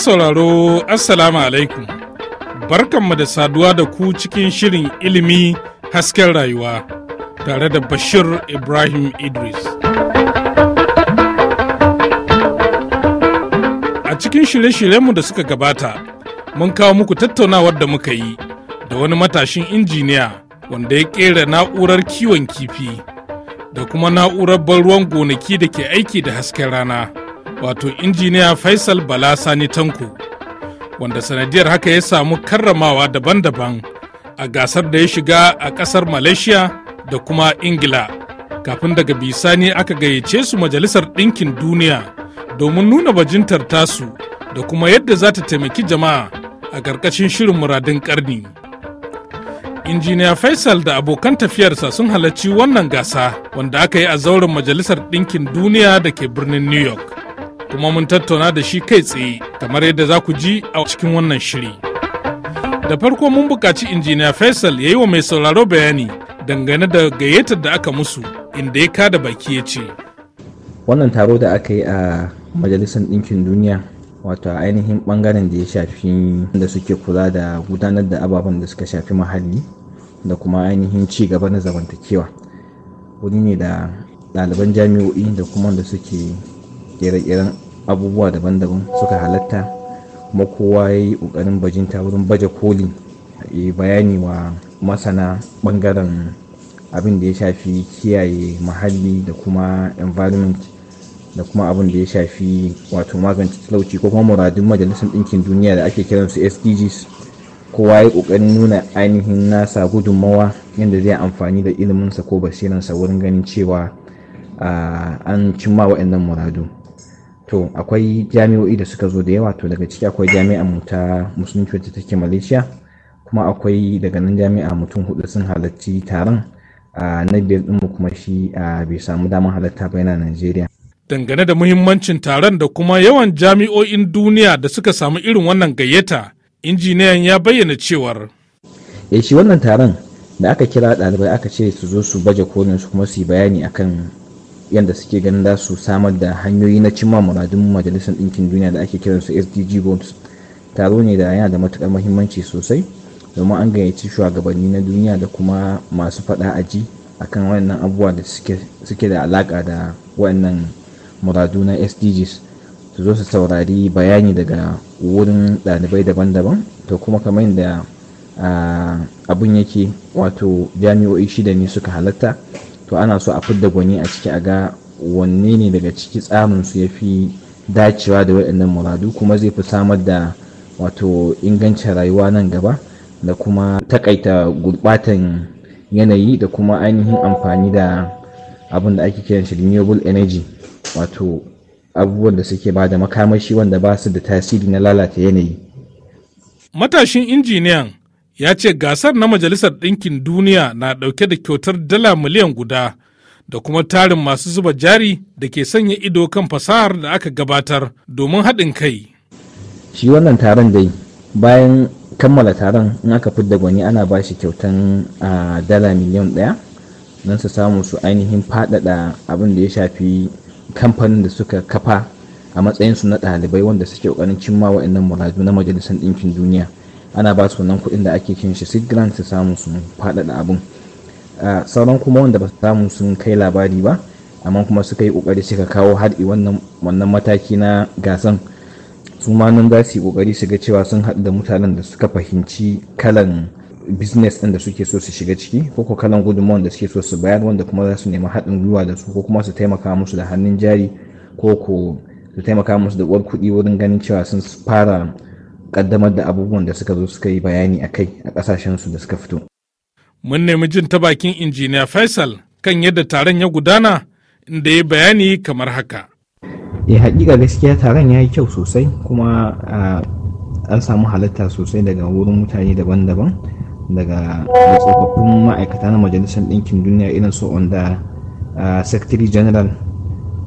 sauraro Assalamu alaikum. Barkanmu da saduwa da ku cikin shirin ilimi hasken rayuwa tare da Bashir Ibrahim Idris. A cikin shirye-shiryenmu da suka gabata, mun kawo muku tattaunawar da muka yi da wani matashin injiniya wanda ya kera na'urar kiwon kifi da kuma na'urar ban ruwan gonaki da ke aiki da hasken rana. wato injiniya faisal bala sani tanko wanda sanadiyar haka ya samu karramawa daban-daban a gasar da ya shiga a kasar malaysia da kuma ingila kafin daga bisani aka gayyace su majalisar ɗinkin duniya domin nuna bajintar tasu da kuma yadda za ta taimaki jama'a a ƙarƙashin shirin muradin ƙarni injiniya faisal da abokan tafiyarsa sun halarci wannan gasa wanda aka yi a zauren majalisar ɗinkin duniya da ke birnin new york kuma mun tattauna da shi kai tsaye kamar yadda za ku ji a cikin wannan shiri. Da farko mun buƙaci injiniya Faisal ya yi wa mai sauraro bayani dangane da gayyatar da aka musu inda ya kada baki ya ce. Wannan taro da aka yi a Majalisar Ɗinkin Duniya wato ainihin ɓangaren da ya shafi da suke kula da gudanar da ababen da suka shafi muhalli da kuma ainihin ci gaba na zamantakewa wuri ne da ɗaliban jami'o'i da kuma da suke ƙere keren abubuwa daban-daban suka halatta kuma kowa ya yi ƙoƙarin bajinta wurin baje koli eh, bayani wa masana ɓangaren abin da ya shafi kiyaye muhalli da kuma environment da kuma abin da ya shafi wato magance talauci ko kuma muradun majalisar ɗinkin duniya da ake kiransu sdgs kowa ya ƙoƙarin nuna ainihin nasa gudunmawa yadda zai amfani da iliminsa ko basiransa wurin ganin cewa ah, an cimma waɗannan muradu to akwai jami'o'i da suka zo da yawa to daga ciki akwai jami'a mu ta musulunci wacce take malaysia kuma akwai daga nan jami'a mutum hudu sun halarci taron na biyar ɗinmu kuma shi bai samu damar halarta ba yana najeriya dangane da muhimmancin taron da kuma yawan jami'o'in duniya da suka samu irin wannan gayyata injiniyan ya bayyana cewar ya eh, shi wannan taron da aka kira ɗalibai aka ce su zo su baje kolin su kuma su yi bayani akan yadda suke ganin za su samar da hanyoyi na cimma muradun majalisar ɗinkin duniya da ake kiran su sdg goals taro ne da yana da matukar muhimmanci sosai domin an gayyaci shugabanni na duniya da kuma masu faɗa a ji akan wannan abubuwa da suke da alaƙa da wannan muradu na sdgs su zo su saurari bayani daga wurin ɗalibai daban-daban to kuma kamar yadda ah, abun yake wato jami'o'i shida ne suka halatta to ana so a fidda gwani a ciki a ga wanne ne daga ciki tsarin su ya fi dacewa da waɗannan muradu kuma zai fi samar da wato ingancin rayuwa nan gaba da kuma takaita gurbatan yanayi da kuma ainihin amfani da abin da ake kiran shi renewable energy wato abubuwan da suke ba da makamashi wanda ba su da tasiri na lalata yanayi matashin injiniyan ya ce gasar na majalisar ɗinkin duniya na ɗauke da kyautar dala miliyan guda da kuma tarin masu zuba jari da ke sanya ido kan fasahar da aka gabatar domin haɗin kai shi wannan taron dai bayan kammala taron in aka fidda gwani ana ba shi kyautan dala miliyan ɗaya don su samu su ainihin faɗaɗa abin da ya shafi kamfanin da suka kafa a matsayinsu na ɗalibai wanda suke ƙoƙarin cimma waɗannan muradu na majalisar ɗinkin duniya ana ba su wannan kuɗin da ake kin shi seed grant su samu sun faɗaɗa abin sauran kuma wanda ba su samu sun kai labari ba amma kuma suka yi ƙoƙari suka kawo haɗi wannan mataki na gasan su ma nan za su yi ƙoƙari su ga cewa sun hadu da mutanen da suka fahimci kalan business ɗin da suke so su shiga ciki ko ko kalan gudunmawar da suke so su bayar wanda kuma za su nemi haɗin gwiwa da su ko kuma su taimaka musu da hannun jari ko ko su taimaka musu da uwar kuɗi wurin ganin cewa sun fara kaddamar da abubuwan da suka zo suka yi bayani a kai a kasashensu da suka fito. Mun nemi jin ta bakin injiniya Faisal kan yadda taron ya gudana inda ya bayani kamar haka. Ya eh, hakika gaskiya taron ya yi kyau sosai kuma an samu halatta sosai daga wurin mutane daban-daban daga tsofaffin ma'aikata na majalisar ɗinkin duniya irin su onda secretary general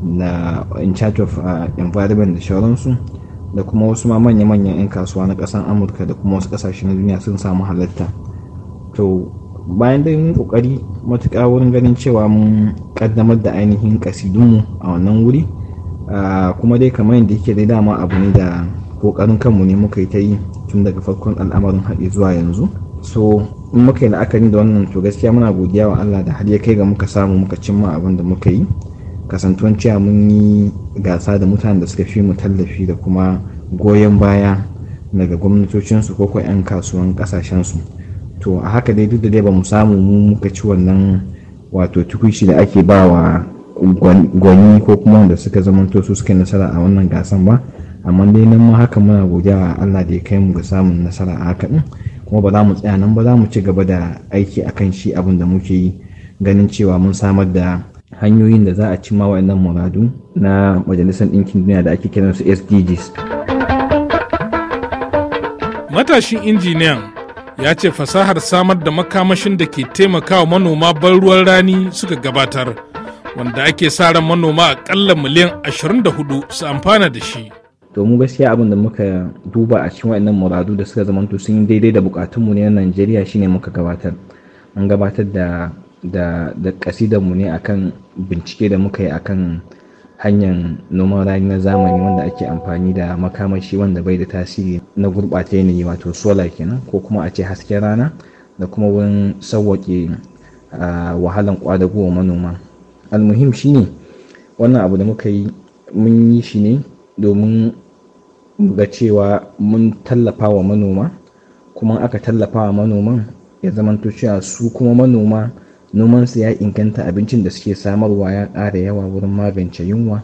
na in charge of environment da shauransu. da kuma wasu ma manya-manyan 'yan kasuwa na kasan amurka da kuma wasu ƙasashe na duniya sun samu halatta to bayan da yin ƙoƙari matuƙa wurin ganin cewa mun ƙaddamar da ainihin ƙasidunmu a wannan wuri kuma dai kamar yadda yake dai dama abu ne da ƙoƙarin kanmu ne muka yi ta yi tun daga farkon al'amarin haɗe zuwa yanzu so in muka yi la'akari da wannan to gaskiya muna godiya wa Allah da har ya kai ga muka samu muka cimma abin da muka yi kasantuwan cewa mun yi gasa da mutanen da suka fi mu tallafi da kuma goyon baya daga gwamnatocinsu ko 'yan kasuwan kasashensu to a haka dai duk da dai ba mu samu mu muka ci wannan wato tukushi da ake ba wa gwani ko kuma wanda suka zamanto su suka nasara a wannan gasan ba amma dai nan ma haka muna godiya wa Allah da ya kai mu ga samun nasara a haka din kuma ba za mu tsaya nan ba za mu ci gaba da aiki akan shi abin da muke yi ganin cewa mun samar da hanyoyin da za a cimma wa'annan muradu na majalisar ɗinkin duniya da ake kiran su SDGs. Matashin injiniyan ya ce fasahar samar da makamashin da ke taimakawa manoma ban ruwan rani suka gabatar wanda ake sa ran manoma akalla miliyan 24 su amfana da shi. domin mu gaskiya abin da muka duba a cikin wa'annan muradu da suka zamanto sun yi daidai da bukatunmu ne na najeriya shine muka gabatar an gabatar da da da mu ne akan bincike da muka yi akan hanyar noman rani na zamani wanda ake amfani da makamashi wanda bai da tasiri na gurɓata yanayi wato solar kenan ko kuma a ce hasken rana da kuma wurin sauwaƙe wahalan ƙwadago manoma almuhim ne wannan abu da muka yi mun yi shi ne domin ga cewa mun tallafa wa manoma kuma aka tallafa wa manoman ya zamanto cewa su kuma manoma nomansu ya inganta abincin da suke samarwa ya ƙara yawa wurin magance yunwa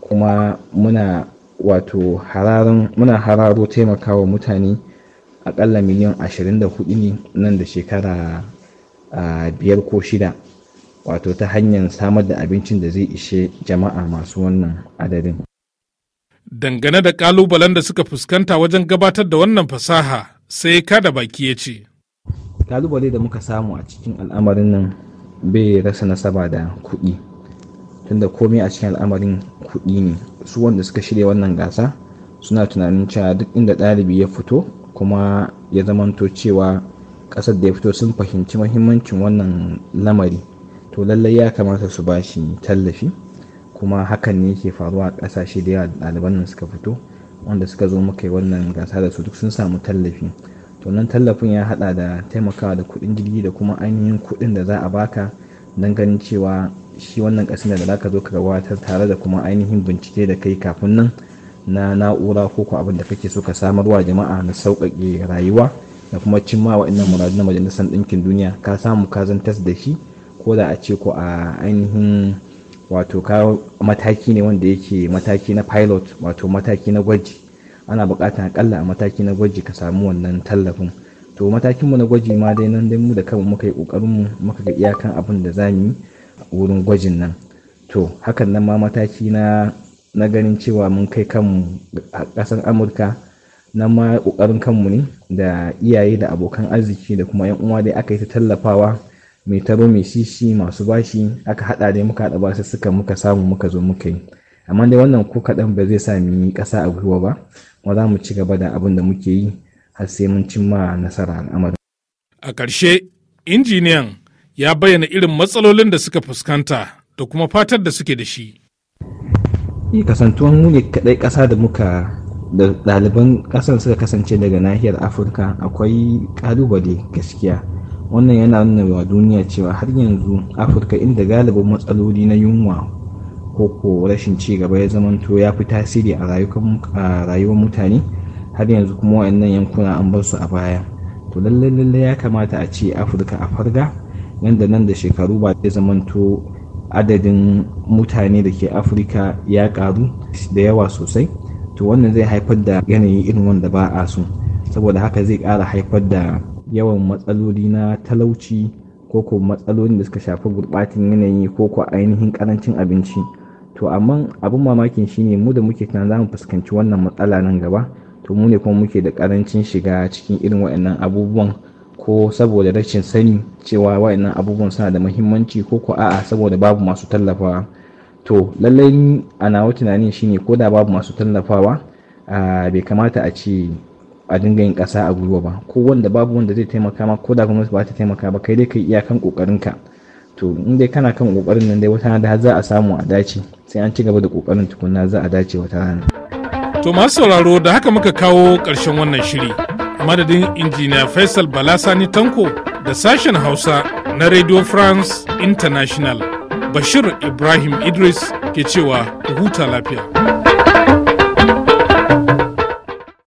kuma muna wato hararin muna hararo taimakawa mutane aƙalla miliyan 24 ne nan da shekara biyar ko shida wato ta hanyar samar da abincin da zai ishe jama'a masu wannan adadin dangane da ƙalubalen da suka fuskanta wajen gabatar da wannan fasaha sai kada baki ya ce kalubale da muka samu a cikin al'amarin nan bai rasa nasaba da kuɗi tunda komai a cikin al'amarin kuɗi ne su wanda suka shirya wannan gasa suna tunanin cewa duk inda ɗalibi ya fito kuma ya zamanto cewa ƙasar da ya fito sun fahimci mahimmancin wannan lamari to lallai ya kamata su ba shi tallafi kuma hakan ne yake faruwa a ƙasashe da yawa ɗaliban nan suka fito wanda suka zo muka yi wannan gasa da su duk sun samu tallafi to nan tallafin ya hada da taimakawa da kuɗin jirgi da kuma ainihin kuɗin da za a baka don ganin cewa shi wannan kasida da za ka zo ka gabatar tare da kuma ainihin bincike da kai kafin nan na na'ura ko ko abin da kake so ka samarwa jama'a na sauƙaƙe rayuwa da kuma cimma wa'annan muradu na majalisar ɗinkin duniya ka samu ka zantas da shi ko da a ce ko a ainihin wato ka mataki ne wanda yake mataki na pilot wato mataki na gwaji ana buƙatar akalla a mataki na gwaji ka samu wannan tallafin to matakin mu na gwaji ma dai nan dai mu da kanmu muka yi ƙoƙarin mu muka ga iyakan abin da za mu yi wurin gwajin nan to hakan nan ma mataki na na ganin cewa mun kai kanmu a ƙasar amurka nan ma ƙoƙarin kanmu ne da iyaye da abokan arziki da kuma yan uwa dai aka yi ta tallafawa mai taro mai shishi masu bashi aka haɗa dai muka haɗa basu suka muka samu muka zo muka yi amma dai wannan ko kaɗan ba zai sa mu yi ƙasa a gwiwa ba kuma za mu ci gaba da abin da muke yi har sai mun cimma nasara al'amarin. A ƙarshe, injiniyan ya bayyana irin matsalolin da suka fuskanta da kuma fatar da suke da shi. kasantuwan mu ne kaɗai ƙasa da muka da ɗaliban ƙasar suka kasance daga nahiyar afirka akwai ƙalubale gaskiya wannan yana nuna wa duniya cewa har yanzu afirka inda galibin matsaloli na yunwa koko rashin ci gaba ya zamanto ya fi tasiri a rayuwar mutane har yanzu kuma wa'annan yankuna an bar su a baya to lallai lallai ya kamata a ce afirka a farga nan da nan da shekaru ba zai zamanto adadin mutane da ke afirka ya karu da yawa sosai to wannan zai haifar da yanayi irin wanda ba a so saboda haka zai kara haifar da yawan matsaloli na talauci ko ko matsalolin da suka shafi gurbatin yanayi ko ko ainihin ƙarancin abinci to amma abin mamakin shine mu da muke tunanin za mu fuskanci wannan matsala nan gaba to mu ne kuma muke da karancin shiga cikin irin waɗannan abubuwan ko saboda rashin sani cewa waɗannan abubuwan suna da muhimmanci ko ko a'a saboda babu masu tallafawa to lallai ni a nawa tunanin shine ko da babu masu tallafawa bai kamata a ce a dinga yin ƙasa a gwiwa ba ko wanda babu wanda zai taimaka ma ko da gwamnati ba ta taimaka ba kai dai kai iyakan ƙoƙarinka to in dai kana kan kokarin nan dai wata rana za a samu a dace sai an ci gaba da kokarin tukunna za a dace wata rana to masu sauraro da haka muka kawo ƙarshen wannan shiri madadin injiniya faisal balasani tanko da sashen hausa na radio france international bashir ibrahim idris ke cewa huta lafiya